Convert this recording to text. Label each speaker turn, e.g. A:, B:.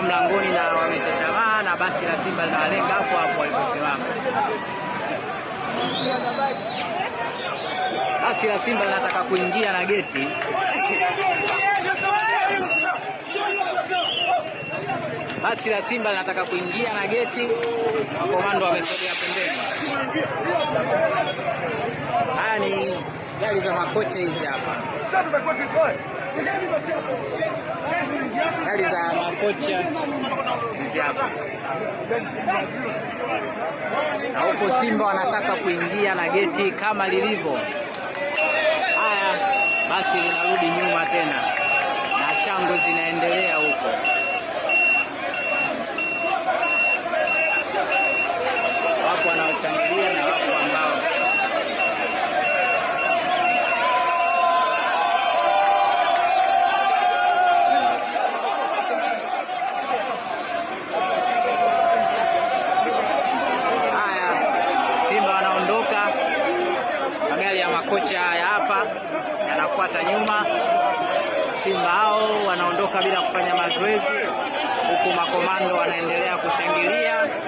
A: wameingia mlangoni na wamechatamaa na basi la Simba linawalenga hapo hapo waliposimama. Basi la Simba linataka kuingia na geti basi la Simba linataka kuingia na geti, makomando wamesogea pembeni. Haya ni gari za makocha hizi hapa, gari za kocha na huko Simba wanataka kuingia na geti kama lilivyo. Haya basi linarudi nyuma tena na shangwe zinaendelea huko. makocha haya hapa, anafuata nyuma. Simba hao wanaondoka bila kufanya mazoezi, huku makomando wanaendelea kushangilia.